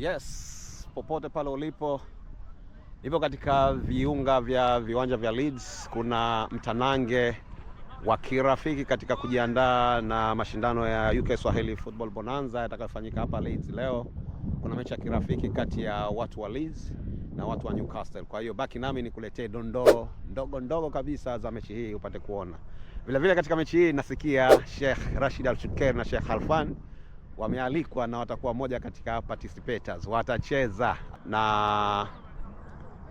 Yes, popote pale ulipo, nipo katika viunga vya viwanja vya Leeds. Kuna mtanange wa kirafiki katika kujiandaa na mashindano ya UK Swahili Football Bonanza yatakayofanyika hapa Leeds leo. Kuna mechi ya kirafiki kati ya watu wa Leeds na watu wa Newcastle. Kwa hiyo baki nami nikuletee dondoo ndogo ndogo kabisa za mechi hii upate kuona. Vilevile katika mechi hii nasikia Sheikh Rashid Al Shuker na Sheikh Halfan wamealikwa na watakuwa moja katika participators, watacheza na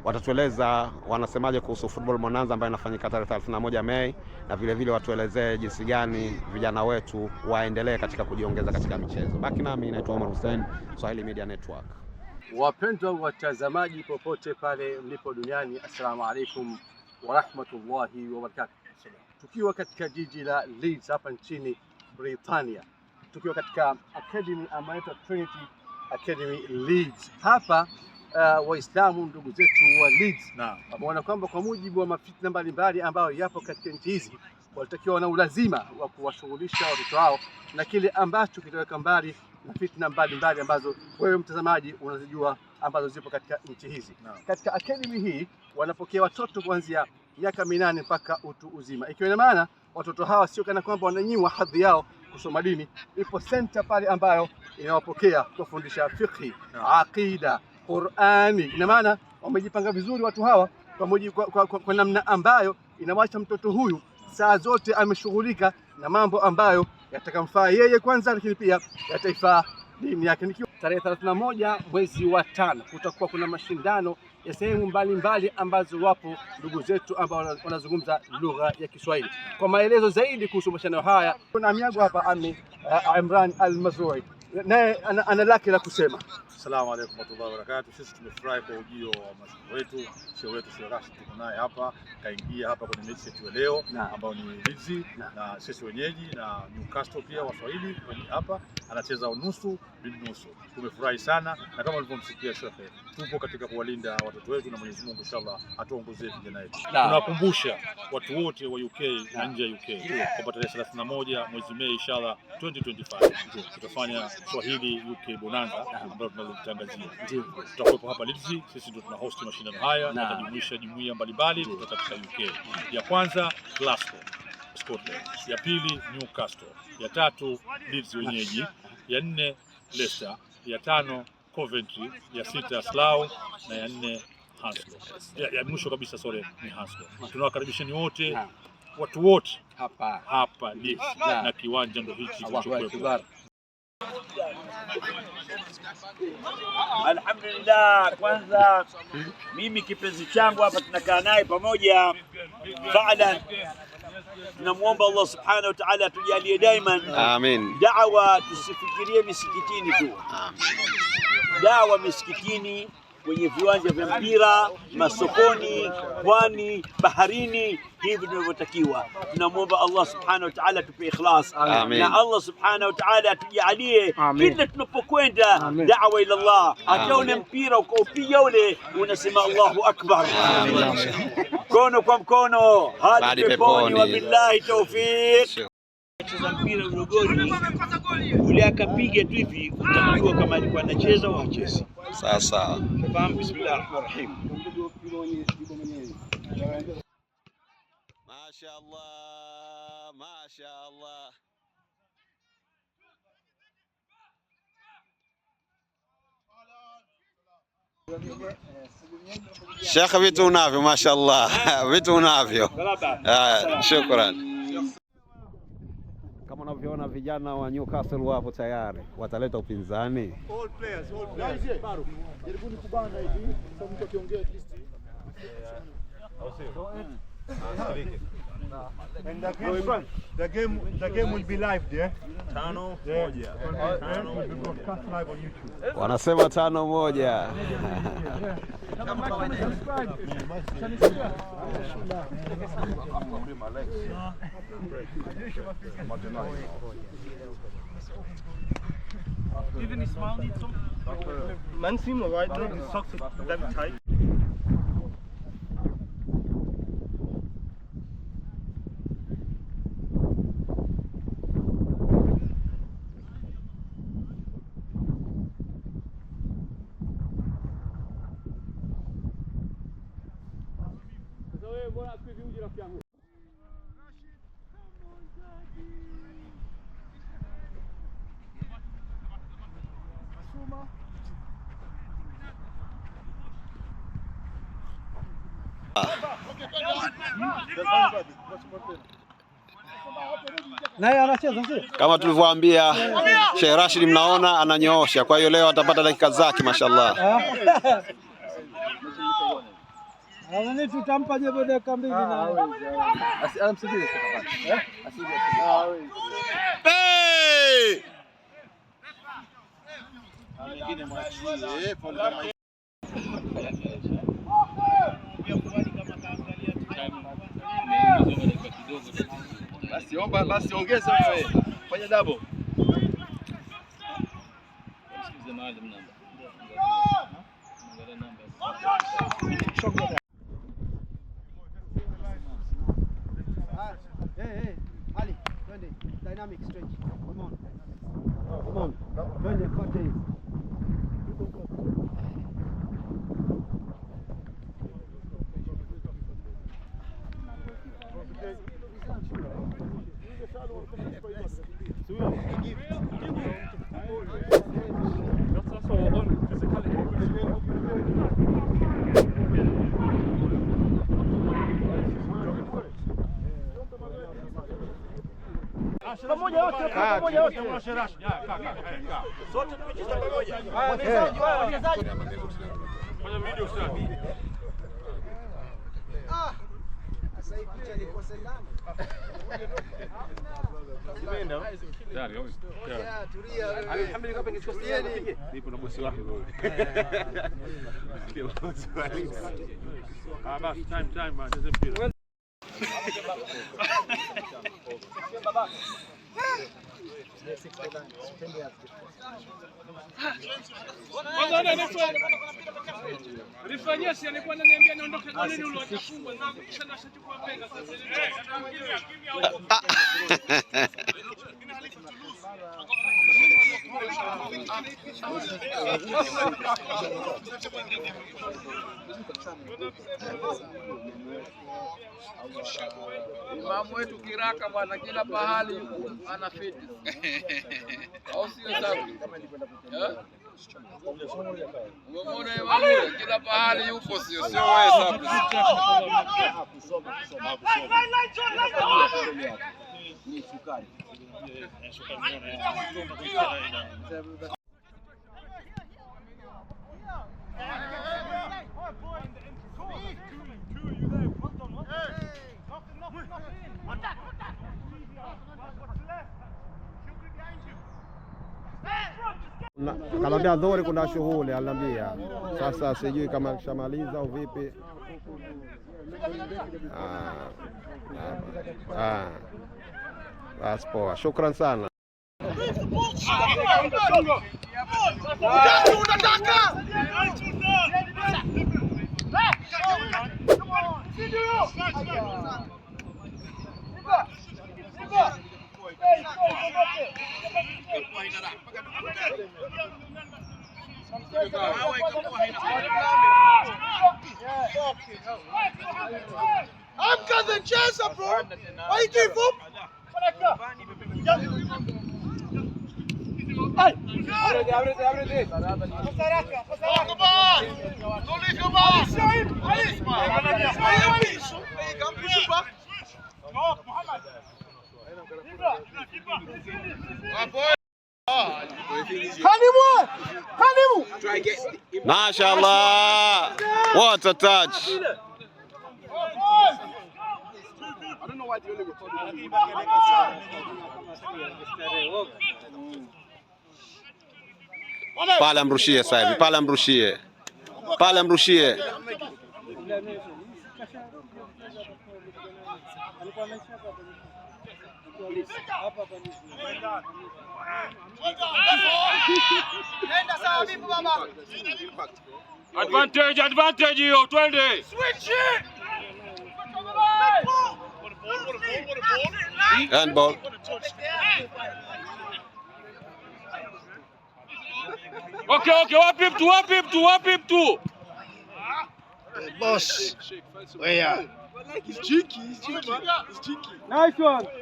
watatueleza wanasemaje kuhusu Football mwananza ambayo inafanyika tarehe 31 Mei, na vilevile watuelezee jinsi gani vijana wetu waendelee katika kujiongeza katika michezo. Baki nami, naitwa Omar Hussein, Swahili Media Network. Wapendwa watazamaji popote pale mlipo duniani, assalamu alaikum wa barakatuh, Tukiwa katika jiji la Leeds hapa nchini Britania tukiwa katika academy ambayo inaitwa Trinity Academy Leeds. Hapa uh, Waislamu ndugu zetu wa Leeds wameona kwamba kwa mujibu wa mafitna mbalimbali ambayo yapo katika nchi hizi walitakiwa na ulazima wa kuwashughulisha watoto wao na kile ambacho kitaweka mbali na fitna mbalimbali ambazo wewe mtazamaji unazijua ambazo zipo katika nchi hizi no. Katika academy hii wanapokea watoto kuanzia miaka minane mpaka utu uzima, ikiwa ina maana watoto hawa sio kana kwamba wananyimwa hadhi yao kusoma dini ipo senta pale ambayo inawapokea kufundisha fiqhi, aqida, Qurani. Ina maana wamejipanga vizuri watu hawa kwa, kwa, kwa, kwa namna ambayo inawacha mtoto huyu saa zote ameshughulika na mambo ambayo yatakamfaa yeye kwanza, lakini pia yataifaa Nimefanikiwa. Tarehe 31 mwezi wa tano kutakuwa kuna mashindano ya sehemu mbalimbali ambazo wapo ndugu zetu ambao wanazungumza lugha ya Kiswahili. Kwa maelezo zaidi kuhusu mashindano haya, kuna miago hapa ami eh, Imran Al-Mazrui naye ana lake la kusema. Assalamu alaykum warahmatullahi wabarakatuh. Sisi tumefurahi kwa ujio wa mashuhuri wetu, shehe wetu Sheikh Rashid, tuko naye hapa, kaingia hapa kwenye mechi yetu leo ambayo ni Leeds na, sisi wenyeji na Newcastle pia waswahili hapa, anacheza unusu bin nusu. Tumefurahi sana na kama ulivyomsikia Sheikh tupo katika kuwalinda watoto wetu na Mwenyezi Mungu inshallah atuongoze vijana wetu. Tunawakumbusha watu wote wa UK na nje ya UK kwamba tarehe 31 mwezi Mei inshallah 2025 tutafanya Swahili UK Bonanza ambayo tunalitangazia. Tutakuwepo hapa Leeds, sisi ndio tuna host mashindano haya na tutajumuisha jumuiya mbalimbali kutoka katika UK. Ya kwanza Glasgow Scotland, ya pili Newcastle, ya tatu Leeds wenyeji, ya nne Leicester, ya tano Coventry, ya sita Slough na ya nne Hanslow. Ya, ya mwisho kabisa sore ni Hanslow. Tunawakaribisheni wote watu wote hapa hapa Leeds na kiwanja ndo hichi kilichokuwa. Alhamdulillah, kwanza mimi kipenzi changu hapa tunakaa naye pamoja baada tunamwomba Allah subhanahu wa ta'ala atujalie daima, amin. Dawa tusifikirie misikitini tu, Amen dawa misikitini, kwenye viwanja vya mpira, masokoni, pwani, baharini, hivi tunavyotakiwa. Tunamwomba Allah subhanahu wa ta'ala tupe ikhlas, na Allah subhanahu wa ta'ala atujalie kila tunapokwenda dawa ila Allah. Hata mpira ukaupiga ule unasema Allahu akbar, mkono kwa mkono hadi peponi. Wabillahi tawfiq kucheza mpira udogoni, ule akapiga tu hivi, utajua kama alikuwa anacheza au hachezi. Sawa sawa, fahamu. Bismillahir Rahmanir Rahim. Mashaallah, mashaallah. Shekhe, vitu unavyo mashaallah, vitu unavyo. Ah, shukran wanavyoona vijana wa Newcastle wapo tayari, wataleta upinzani. All players, all players. Yaani jaribu ni kubana hivi, mtu akiongea at least. And the game, no, the game, the game will be live there. Tano yeah. moja. Tano will be broadcast live on YouTube. Wanasema tano moja. Even Ismail needs some. Man seems alright now. His socks are damn tight. Kama tulivyoambia Sheikh Rashid, mnaona ananyoosha, kwa hiyo leo atapata dakika zake, mashallah. Eh? Awani tutampa baada ya mbili na ah, asimsubiri ah, sasa. Eh? Ah, basi omba basi ongeza wewe. Fanya double. Msikize mahali mnamba. Mwangalia namba. pamoja wote, pamoja wote. Sote tumecheza pamoja. Wachezaji wao, wachezaji. Fanya video sasa. Ah. Sasa hii picha ni kwa sendano. Kibenda. Dari, obvious. tulia wewe. Alhamdulillah hapa ni sikosi Nipo na bosi wako Ah, basi time time, man. Sasa mpira. Babak ea aadoi Imamu wetu kiraka bwana, kila pahali ana fiti au sio? Safi, eh? umemwona imamu kila pahali yupo, sio sio? Wewe safi sukari Akanambia dhuri kuna shughuli, alinambia. Sasa sijui kama kishamaliza au vipi. Ah, ah, ah. Basi poa, shukran sana. I'm gathering chairs up, bro. Why you doing, Bob? Ay! Ábrete, ábrete, ábrete. Ocupa! Não liga mais! Olha isso, mano! Olha isso, mano! Mashallah. What a touch. Pala mrushie sasa hivi. Pala mrushie. Pala mrushie. Advantage, advantage hiyo, twende. Handball. Okay, okay, one pip, two, one pip, two. Boss. Where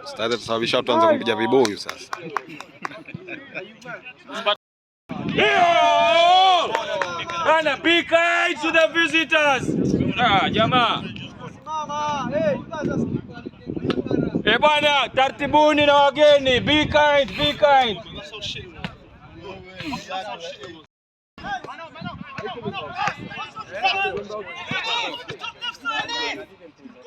Stade tusababisha watu kumpiga vibuyu sasa. Bana to the visitors. Ah, jamaa. Eh, bana tartibuni na wageni. Be kind, be kind.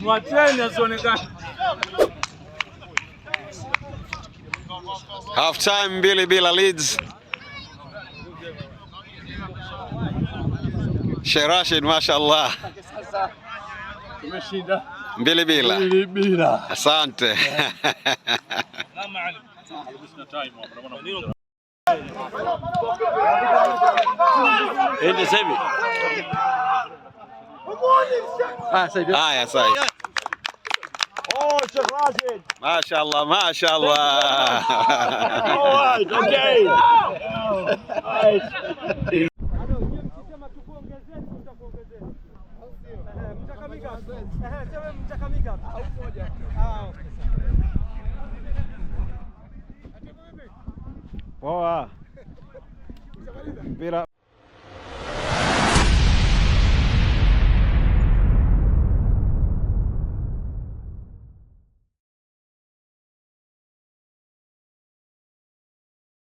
mwacheni asionekane. Half time mbili bila Leeds. Sheikh Rashid, mashallah mbili bila, asante. Ah, sai ha Ah, sai Mashallah, mashallah. All right, okay. Nice. Poa. Mpira